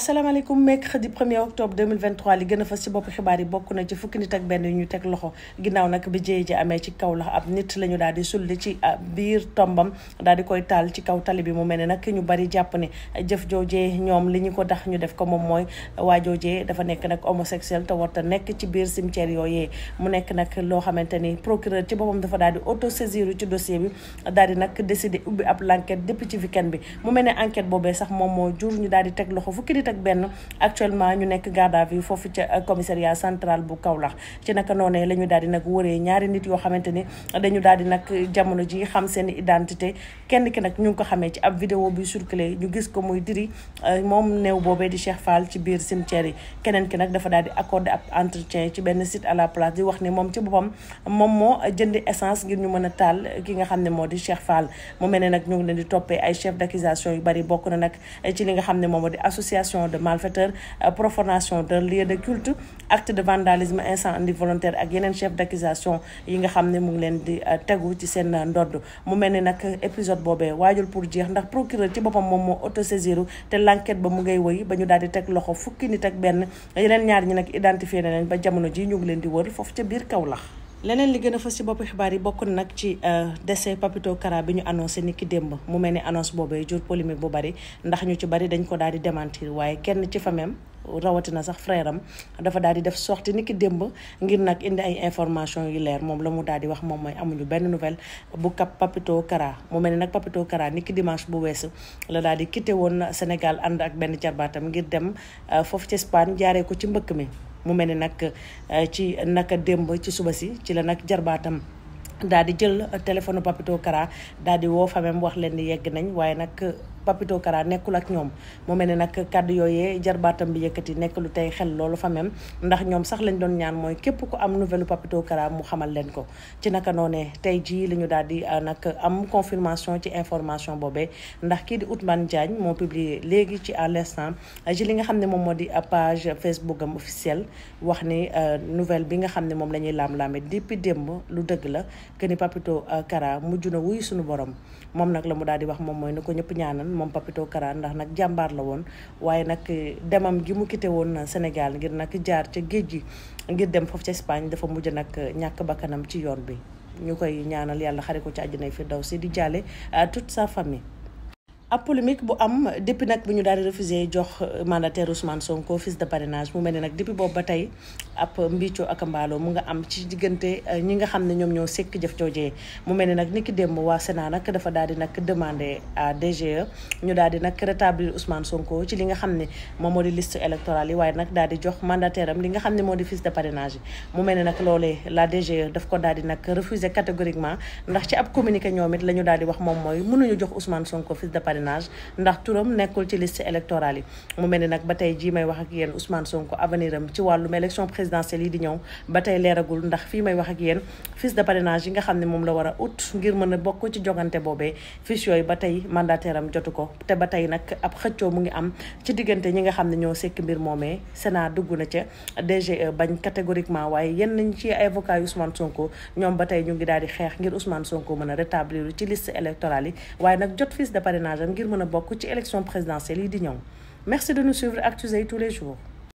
asalaamaaleykum mercredi 1er octobre 2023 li gën a fas ci bopp xibaar yi bokk na ci fukki nit ak benn yu ñu teg loxo ginnaaw nag bi jee ji amee ci kaw lax ab nit la ñu daal di sulli ci ah, biir tombam daal di koy taal ci kaw tali bi mu mel ne nag ñu bari jàpp ne jëf joojee ñoom li ñu ko tax ñu def ko moom mooy waa joojee dafa nekk nag homosexuel te warta nekk ci biir cimetière yooyee mu nekk nag loo xamante ni procureur ci boppam dafa daal di auto-saisir ci dossier bi daal di nag décider ubbi ab l'enquête depuis ci weekend bi mu mel ne enquête boobee sax moom moo jur ñu daal di teg loxo ak benn actuellement ñu nekk garde à vue foofu ca commissariat central bu Kaolack ci naka noonee la ñu daal di nag wëree ñaari nit yoo xamante ni dañu daal di nag jamono ji xam seen identité kenn ki nag ñu ngi ko xamee ci ab vidéo bi circulé ñu gis ko muy diri euh, moom néew boobee di Cheikh Fall ci biir cimetière yi keneen ki nag dafa daal di accordé ab entretien ci benn site à la place di wax ni moom ci boppam moom moo jëndi essence ngir ñu mën a taal ki nga xam ne moo di Cheikh Fall mu mel ne nag ñu ngi leen di toppee ay chef yu bari bokk na nag ci li association de malfaiteurs euh, profanation de lieu de culte acte de vandalisme incendie volontaire ak yenen chef d'accusation yi nga xamné ne mu ngi leen di euh, tegu ci sen euh, ndodd mu melni nak épisode boobee wajul pour jeex ndax procureur ci bopam mom mo auto autosaisiru té l'enquête ba mu ngay wëy ba ñu daldi tek loxo fukki nit ak ben yenen ñaar ñi nak identifier na leen ba jamono ji ñu ngi leen di wër foofu ca biir Kaolack leneen li gën a fës ci bopp xibaar yi bokk nag ci euh, décès Papito Kara bi ñu annoncé ni ki démb mu mel ni annonce boobee jur polémique bu bari ndax ñu ci bari dañ ko daal di démentir waaye kenn ci famem rawatina sax frère dafa daal di def sortie ni ki démb ngir nag indi ay information yu leer moom la mu daal di wax moom mooy amuñu benn nouvelle bu kap Papito Kara mu mel ni nag Papito Kara ni ki dimanche bu weesu la daal di quitté woon Sénégal ànd ak benn jarbaatam ngir dem euh, foofu ci jaaree ko ci mbëkk mi mu mel ni nag euh, ci naka démb ci suba si ci la nag jarbaatam daal di jël euh, téléphone papito kara daal di woo famem wax leen ni yegg nañ waaye nag Papito Kara nekkul ak ñoom mu mel ne nag kàddu yooyee jarbaatam bi yëkkati nekk lu tey xel loolu fa même ndax ñoom sax lañ doon ñaan mooy képp ku am nouvelle Papito Kara mu xamal leen ko ci naka noonee tey jii la ñu daal di euh, nag am confirmation ci information boobee ndax kii di Ousmane Diagne moo publié léegi ci à l'instant euh, ci li nga xam ne moom moo di page Facebook am officielle wax ni euh, nouvelle bi nga xam ne moom la ñuy laam-laame depuis démb lu dëgg la que ni Papito Kara mujj na wuy sunu borom moom nag la mu daal di wax moom mooy na ko ñëpp ñaanal moom Papito Kara ndax nag jàmbaar la woon waaye nag demam gi mu quitté woon Sénégal ngir nag jaar ca géej gi ngir dem foofu ca Espagne dafa mujj nag ñàkk bakkanam ci yoon bi ñu koy ñaanal yàlla xare ko ci àjjana si di jaale tout sa famille ab polémique bu am depuis nag bu ñu daal di refusé jox euh, mandataire Ousmane Sonko fils de parrainage mu mel ne nag depuis boobu ba tey ab mbiccoo ak mbaaloo mu nga am ci diggante euh, ñi nga xam ne ñoom ñoo sekk jëf joojee mu mel ne nag ni ki démb waa Sénat nag dafa daal di nag demandé à DGE ñu daal di nag rétablir Ousmane Sonko li nga xam ne moom moo di liste électorale yi waaye nag daal di jox mandataire am li nga xam ne moo di fils de parrainage mu mel ne nag loolee la DGE daf ko daal di nag refusé catégoriquement ndax ci ab communiqué ñoom it la ñu di wax moom mooy mënuñu jox Ousmane Sonko parrainage ndax turam nekkul ci liste électorale yi mu mel ni nag ba tey jii may wax ak yéen Ousmane Sonko avenir ci wàllum élection présidentielle yi di ñëw ba tey leeragul ndax fii may wax ak yéen fiche de parrainage yi nga xam ne moom la war a ut a bokk ci jogante boobee fiche yooyu ba tey mandataire am ko te ba tey nag ab xëccoo mu ngi am ci diggante ñi nga xam ne ñoo sekk mbir moomee Sénat dugg na ca DGE bañ catégoriquement waaye yenn nañ ci avocat yu Ousmane Sonko ñoom ba tey ñu ngi daal di xeex ngir Ousmane Sonko mën a rétablir ci liste électorale yi waaye nag jot fiche de parrainage ngir mën ci élection présidentielle yi merci de nous suivre Actu tous les jours